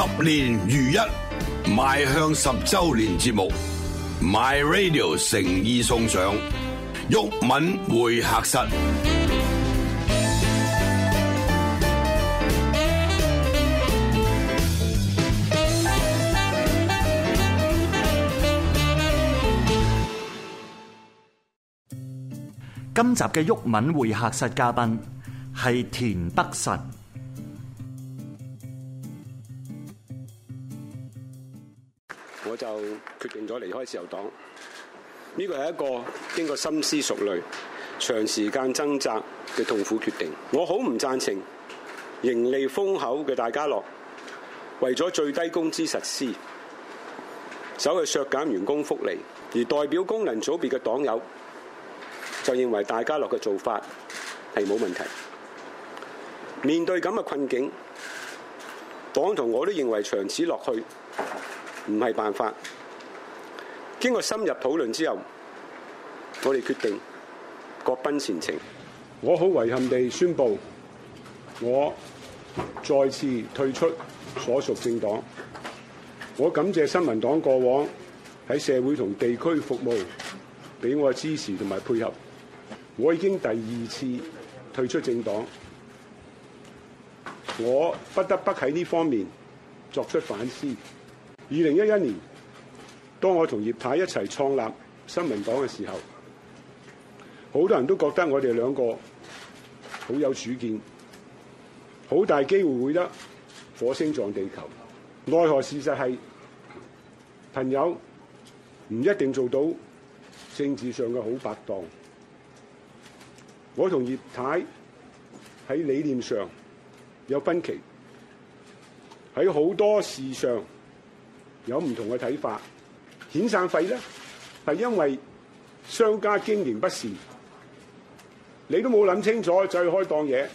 十年如一，邁向十周年節目，My Radio 誠意送上《毓民會客室》。今集嘅《毓民會客室》嘉賓係田北辰。就決定咗離開自由黨，呢個係一個經過深思熟慮、長時間掙扎嘅痛苦決定。我好唔贊成盈利豐厚嘅大家樂為咗最低工資實施，走去削減員工福利，而代表功能組別嘅黨友就認為大家樂嘅做法係冇問題。面對咁嘅困境，黨同我都認為長此落去，唔係辦法。經過深入討論之後，我哋決定各奔前程。我好遺憾地宣布，我再次退出所屬政黨。我感謝新民黨過往喺社會同地區服務俾我嘅支持同埋配合。我已經第二次退出政黨，我不得不喺呢方面作出反思。二零一一年，當我同葉太一齊創立新民黨嘅時候，好多人都覺得我哋兩個好有主見，好大機會會得火星撞地球。奈何事實係朋友唔一定做到政治上嘅好拍檔。我同葉太喺理念上有分歧，喺好多事上，有唔同嘅睇法，遣散費咧係因為商家經營不善，你都冇諗清楚再開檔嘢，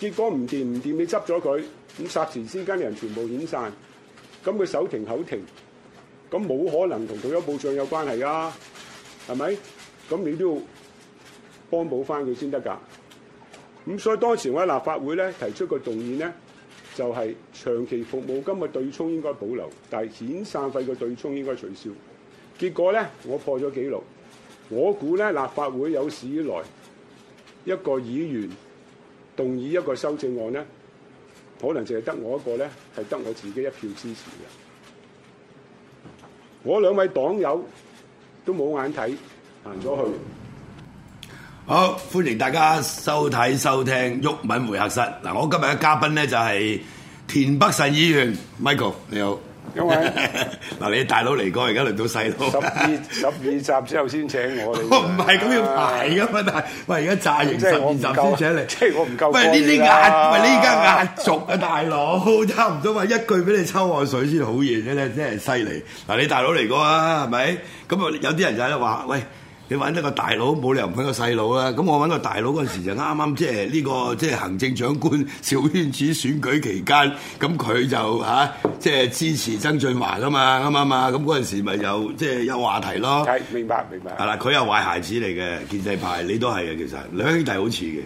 結果唔掂唔掂，你執咗佢，咁霎時之間啲人全部遣散，咁佢手停口停，咁冇可能同退休保障有關係啊，係咪？咁你都要幫補翻佢先得㗎，咁所以當時我喺立法會咧提出個動議咧。就係、是、長期服務金嘅對沖應該保留，但係遣散費嘅對沖應該取消。結果咧，我破咗紀錄。我估咧，立法會有史以來一個議員動議一個修正案咧，可能淨係得我一個咧，係得我自己一票支持嘅。我兩位黨友都冇眼睇，行咗去。好，歡迎大家收睇收聽毓民會客室。嗱，我今日嘅嘉賓咧就係田北辰議員，Michael，你好。你好，嗱 你大佬嚟過，而家輪到細佬。十二十二集之後先請我嚟。 我唔係咁要排噶嘛、啊，但係喂而家炸型十二集先請嚟，即係我唔夠喂 喂 喂、啊 我。 喂，呢啲壓喂，你而家壓軸啊，大佬，差唔多話一句俾你抽我水先好嘢啫咧，真係犀利。嗱，你大佬嚟過啊，係咪？咁啊，有啲人就喺度話喂。你揾一個大佬冇理由唔揾個細佬啊。咁我揾個大佬嗰陣時就啱啱即係呢個即係、就是、行政長官小圈子選舉期間，咁佢就即係、啊就是、支持曾俊華啦嘛，啱啱啊？咁嗰陣時咪有即係、就是、有話題咯。係，明白明白。係啦，佢又壞孩子嚟嘅建制派，你都係嘅其實，兩兄弟好似嘅，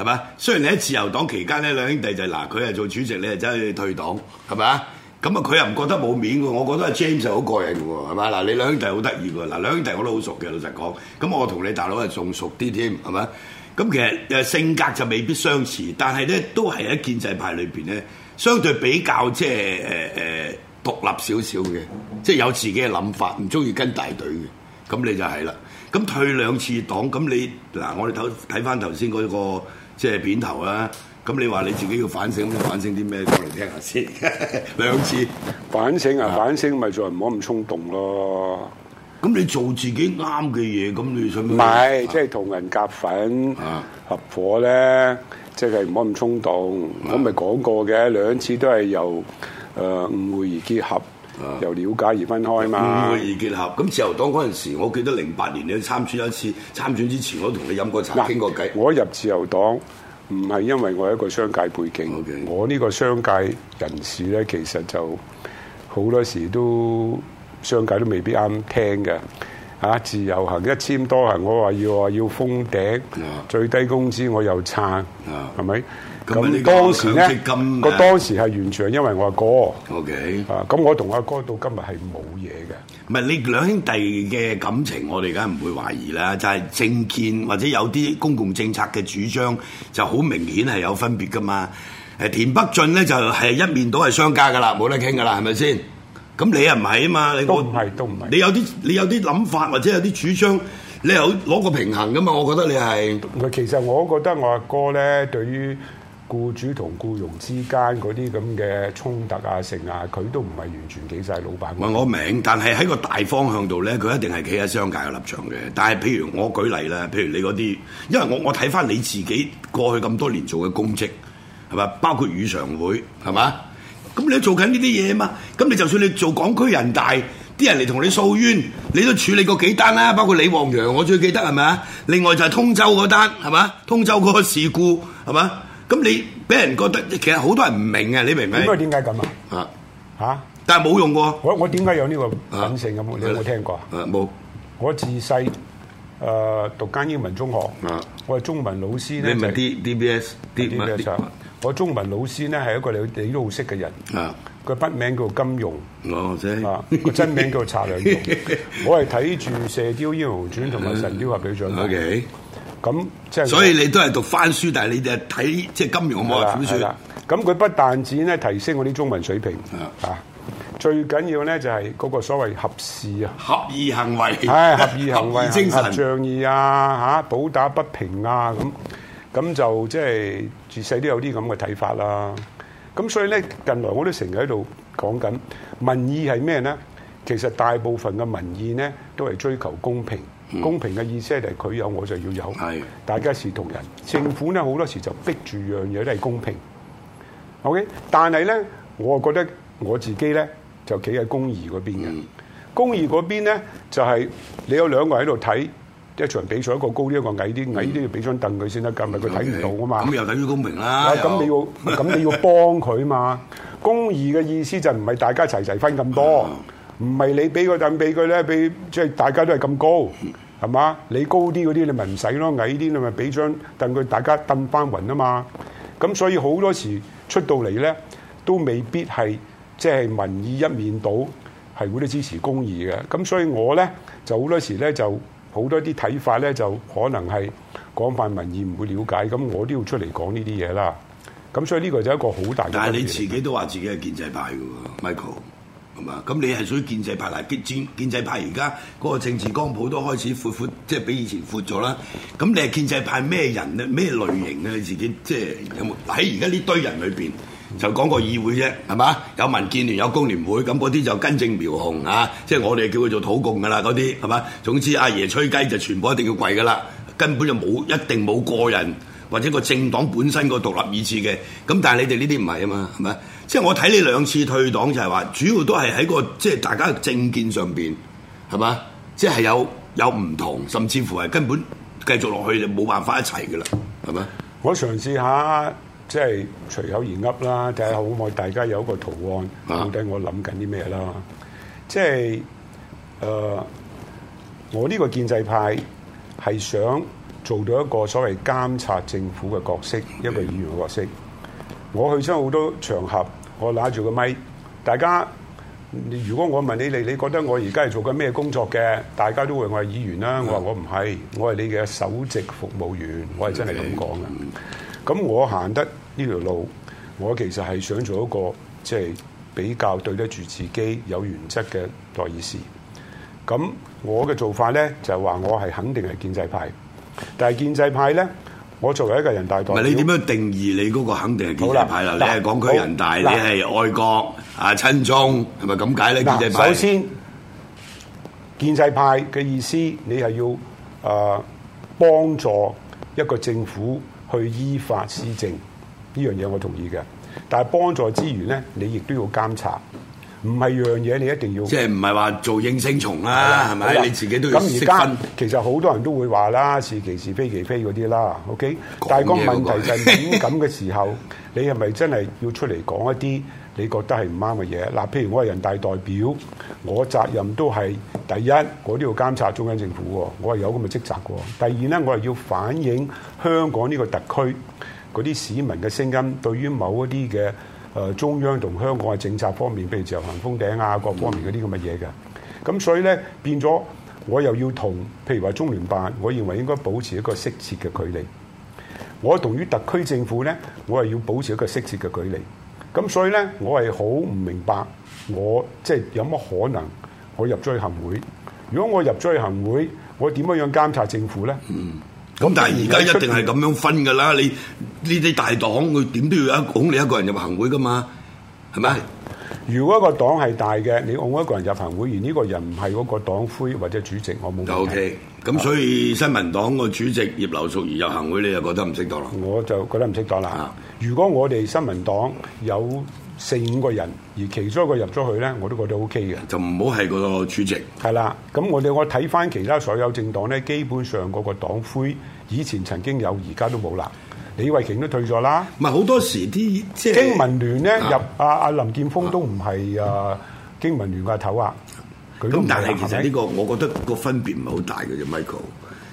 係嘛？雖然你喺自由黨期間咧，兩兄弟就嗱、是，佢係做主席，你係走去退黨，係咪？咁啊，佢又唔覺得冇面喎，我覺得阿 James 就好過癮嘅喎，係嘛？嗱，你兩兄弟好得意嘅喎，嗱，兩兄弟我都好熟嘅，老實講。咁我同你大佬係仲熟啲添，係咪？咁其實性格就未必相似，但係咧都係喺建制派裏面咧，相對比較即係誒獨立少少嘅，即係有自己嘅諗法，唔中意跟大隊嘅。咁你就係啦。咁退兩次黨，咁你嗱，我哋睇睇翻頭先嗰個即係片頭啦。咁你話你自己要反省，反省啲咩過嚟聽,聽下先？ 兩次反省啊，啊反省咪做人唔好咁衝動咯。咁你做自己啱嘅嘢，咁你想唔係，即係同人夾份、啊、合夥咧，即係唔好咁衝動。啊、我咪講過嘅，兩次都係由誒、呃、誤會而結合、啊，由了解而分開嘛。誤會而結合。咁自由黨嗰陣時，我記得零八年你參選一次，參選之前我同你飲過茶傾、啊、過偈。我一入自由黨。唔係因為我係一個商界背景，okay. 我呢個商界人士咧，其實就好多時都商界都未必啱聽嘅。嚇自由行一千多行，我話要話要封頂，yeah. 最低工資我又撐，係、yeah. 咪？咁你當時咧，個當時係完全因為我阿哥。OK，啊，咁我同阿哥到今日係冇嘢嘅。唔係，你兩兄弟嘅感情，我哋梗係唔會懷疑啦。就係政見或者有啲公共政策嘅主張，就好明顯係有分別噶嘛。誒，田北俊咧就係一面倒係商家噶啦，冇得傾噶啦，係咪先？咁你又唔係啊嘛？你都唔係，都唔係。你有啲你有啲諗法或者有啲主張，你有攞個平衡噶嘛？我覺得你係。其實我覺得我阿哥咧，對於雇主同雇傭之間嗰啲咁嘅衝突啊，成啊，佢都唔係完全企晒老闆。唔係我明，但係喺個大方向度咧，佢一定係企喺商界嘅立場嘅。但係譬如我舉例啦，譬如你嗰啲，因為我我睇翻你自己過去咁多年做嘅公職，係嘛？包括羽常會，係嘛？咁你都做緊呢啲嘢嘛？咁你就算你做港區人大，啲人嚟同你訴冤，你都處理過幾單啦、啊。包括李旺陽，我最記得係咪啊？另外就係通州嗰單，係嘛？通州嗰個事故，係嘛？咁你俾人覺得，其實好多人唔明嘅，你明唔明？點解點解咁啊？啊，但係冇用喎。我我點解有呢個本性嘅？冇、啊，你有冇聽過啊？冇。我自細誒、呃、讀間英文中學。啊、我係中文老師咧。D D B S D B S 我中文老師咧係一個你哋都識嘅人。啊。個筆名叫金庸。我知。個、啊、真名叫查良鏞。 我係睇住《射雕英雄傳》同埋《神雕俠侶》長大 O K。咁，所以你都係讀翻書，但係你哋睇即係金庸嘅武俠小説。咁佢不，不但止咧提升我啲中文水平，啊，最緊要咧就係、是、嗰個所謂俠義啊，俠義行為，係俠義行為精神，仗義啊，嚇、啊，抱打不平啊，咁，咁就即係、就是、自細都有啲咁嘅睇法啦。咁所以咧近來我都成日喺度講緊民意係咩咧？其實大部分嘅民意咧都係追求公平。公平嘅意思係佢有我就要有，係大家一視同仁。政府咧好多時候就逼住樣嘢都係公平。O、OK? K，但係咧，我覺得我自己咧就企喺公義嗰邊嘅、嗯。公義嗰邊咧就係、是、你有兩個喺度睇一場比賽，一個高啲，一個矮啲，矮啲要俾張凳佢先得噶，咪佢睇唔到啊嘛。咁、嗯、又等於公平啦。咁、哎啊、你要咁 你要幫佢啊嘛。公義嘅意思就唔、是、係大家齊齊分咁多。唔係你俾個凳俾佢咧，俾即係大家都係咁高，係嘛？你高啲嗰啲你咪唔使咯，矮啲你咪俾張凳佢，大家凳翻勻啊嘛！咁所以好多時出到嚟咧，都未必係即係民意一面倒，係會啲支持公義嘅。咁所以我咧就好多時咧就好多啲睇法咧，就可能係廣泛民意唔會了解。咁我都要出嚟講呢啲嘢啦。咁所以呢個就係一個好大嘅。但係你自己都話自己係建制派嘅，Michael。咁你係屬於建制派嚟，激戰建制派而家嗰個政治光譜都開始闊闊，即係比以前闊咗啦。咁你係建制派咩人咧？咩類型咧？你自己即係有冇喺而家呢堆人裏面，就講個議會啫，係嘛？有民建聯、有工聯會，咁嗰啲就根正苗紅啊！即係我哋叫佢做土共噶啦，嗰啲係嘛？總之阿爺吹雞就全部一定要跪噶啦，根本就冇一定冇個人或者個政黨本身個獨立意志嘅。咁但係你哋呢啲唔係啊嘛，係咪？即係我睇你兩次退黨，就係話主要都係喺個即係大家嘅政見上邊係嘛？即係有有唔同，甚至乎係根本繼續落去就冇辦法一齊㗎喇，係嘛？我嘗試一下即係隨口而噏啦，睇下好唔可以大家有一個圖案，到、啊、底我諗緊啲咩啦？即係誒、呃，我呢個建制派係想做到一個所謂監察政府嘅角色、嗯，一個議員嘅角色。我去親好多場合。我拿住個咪，大家如果我問你，你你覺得我而家係做緊咩工作嘅？大家都會話我係議員啦。我話我唔係，我係你嘅首席服務員，我係真係咁講嘅。咁我行得呢條路，我其實係想做一個即係、就是、比較對得住自己有原則嘅代議士。咁我嘅做法呢，就係話我係肯定係建制派，但係建制派呢。我作為一個人大代表，你點樣定義你嗰個肯定係建制派啦？你係港區人大，你係愛國啊親中，係咪咁解咧？建制派？首先，建制派嘅意思你，你係要啊幫助一個政府去依法施政，呢樣嘢我同意嘅。但係幫助之餘咧，你亦都要監察。唔係樣嘢，你一定要即係唔係話做應聲蟲啦，係咪？你自己都要識分。咁而家其實好多人都會話啦，是其是非其非嗰啲啦。OK，但係個問題就係點咁嘅時候， 你係咪真係要出嚟講一啲你覺得係唔啱嘅嘢？嗱，譬如我係人大代表，我責任都係第一，我都要監察中央政府，我係有咁嘅職責嘅。第二咧，我係要反映香港呢個特區嗰啲市民嘅聲音，對於某一啲嘅。誒、呃、中央同香港嘅政策方面，譬如自由行封頂啊，各方面嗰啲咁嘅嘢嘅，咁所以咧變咗我又要同，譬如話中聯辦，我認為應該保持一個適切嘅距離。我同於特區政府咧，我又要保持一個適切嘅距離。咁所以咧，我係好唔明白，我即係有乜可能我入去行會？如果我入去行會，我點樣樣監察政府咧？嗯。咁但係而家一定係咁樣分嘅啦，你。呢啲大黨佢點都要一講你一個人入行會噶嘛，係咪？如果一個黨係大嘅，你按一個人入行會，而呢個人唔係嗰個黨魁或者主席，我冇問題。O K.，咁所以新民黨個主席葉劉淑儀入行會，你又覺得唔適當啦？我就覺得唔適當啦。如果我哋新民黨有四五個人，而其中一個入咗去咧，我都覺得 O K. 嘅。就唔好係個主席。係啦，咁我哋我睇翻其他所有政黨咧，基本上嗰個黨魁以前曾經有，而家都冇啦。李慧瓊都退咗啦，唔係好多時啲即係經民聯咧入啊啊林健鋒都唔係啊經民聯嘅阿頭啊，咁、啊啊啊嗯、但係其實呢個我覺得個分別唔係好大嘅啫，Michael，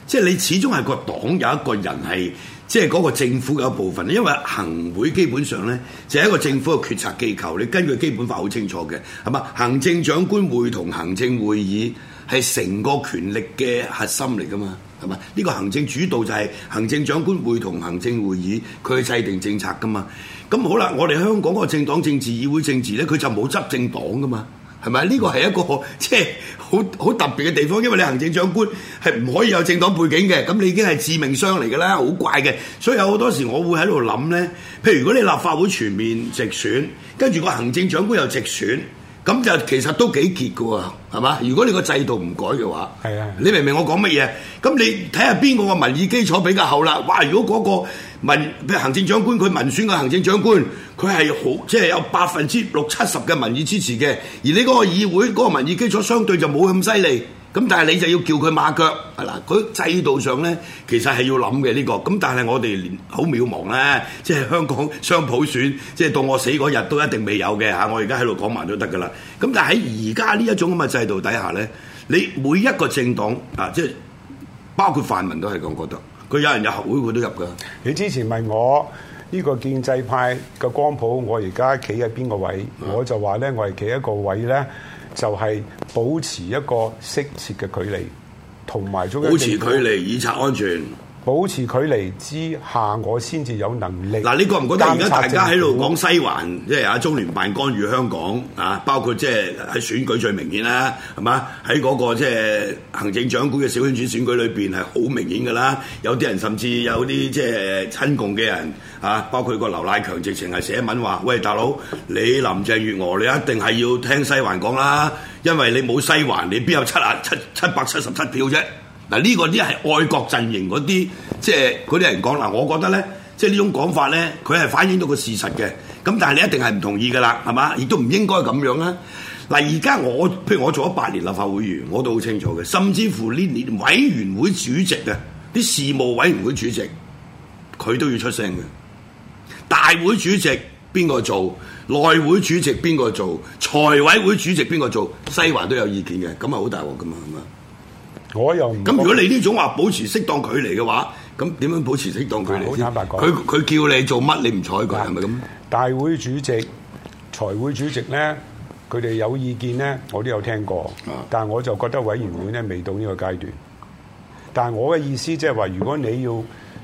即係你始終係個黨有一個人係即係嗰個政府有一部分，因為行會基本上咧就係、是、一個政府嘅決策機構，你根據基本法好清楚嘅，係嘛？行政長官會同行政會議。係成個權力嘅核心嚟㗎嘛，係嘛？呢個行政主導就係行政長官會同行政會議佢去制定政策㗎嘛。咁好啦，我哋香港個政黨政治、議會政治咧，佢就冇執政黨㗎嘛，係咪？呢個係一個即係好好特別嘅地方，因為你行政長官係唔可以有政黨背景嘅，咁你已經係致命傷嚟㗎啦，好怪嘅。所以有好多時我會喺度諗咧，譬如如果你立法會全面直選，跟住個行政長官又直選。咁就其實都幾結嘅喎，係嘛？如果你個制度唔改嘅話的，你明唔明我講乜嘢？咁你睇下邊個民意基礎比較厚啦？哇！如果嗰個民，譬如行政長官，佢民選嘅行政長官，佢係好、即係、有百分之六七十嘅民意支持嘅，而你嗰個議會嗰、嗰個民意基礎相對就冇咁犀利。咁但係你就要叫佢馬腳係啦，佢制度上咧其實係要諗嘅呢個。咁但係我哋連好渺茫咧、啊，即係香港雙普選，即係到我死嗰日都一定未有嘅。我而家喺度講埋都得㗎啦。咁但係喺而家呢一種咁嘅制度底下咧，你每一個政黨啊，即係包括泛民都係咁覺得，佢有人入有會佢都入㗎。你之前問我呢、呢個建制派嘅光譜，我而家企喺邊個位？嗯、我就話咧，我係企一個位咧。就係、是、保持一個適切嘅距離，同埋保持距離以策安全。保持距離之下，我先至有能力。嗱，你覺唔覺得而家大家喺度講西環，即係啊中聯辦干預香港啊，包括即係喺選舉最明顯啦，係嘛？喺嗰個即係行政長官嘅小圈子選舉裏邊係好明顯㗎啦。有啲人甚至有啲即係親共嘅人啊，包括個劉乃強直情係寫文話：「喂，大佬，你林鄭月娥你一定係要聽西環講啦，因為你冇西環，你邊有七啊七七百七十七票啫？嗱，呢個啲係愛國陣營嗰啲，即係嗰啲人講嗱，我覺得咧，即係呢種講法咧，佢係反映到個事實嘅。咁但係你一定係唔同意㗎啦，係嘛？亦都唔應該咁樣啊！嗱，而家我譬如我做咗八年立法會議員，我都好清楚嘅。甚至乎呢年委員會主席啊，啲事務委員會主席，佢都要出聲嘅。大會主席邊個做？內會主席邊個做？財委會主席邊個做？西環都有意見嘅，咁啊好大鑊㗎嘛，係嘛？我又唔咁，如果你呢種話保持適當距離嘅話，咁點樣保持適當距離先？好，坦白講，佢佢叫你做乜你唔睬佢係咪咁？大會主席、財會主席咧，佢哋有意見咧，我都有聽過，啊、但係我就覺得委員會咧未到呢個階段。但係我嘅意思即係話，如果你要，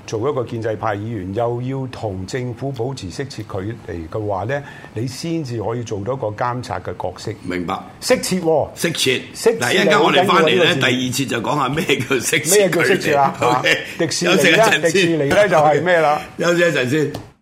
做一個建制派議員，又要同政府保持適切距離嘅話咧，你先至可以做到一個監察嘅角色。明白，適切啊，適切。嗱，一陣間我哋翻嚟咧，第二次就講下咩叫適切距離，咩叫適切啊。OK，迪士尼咧就係咩啦？休息一陣先。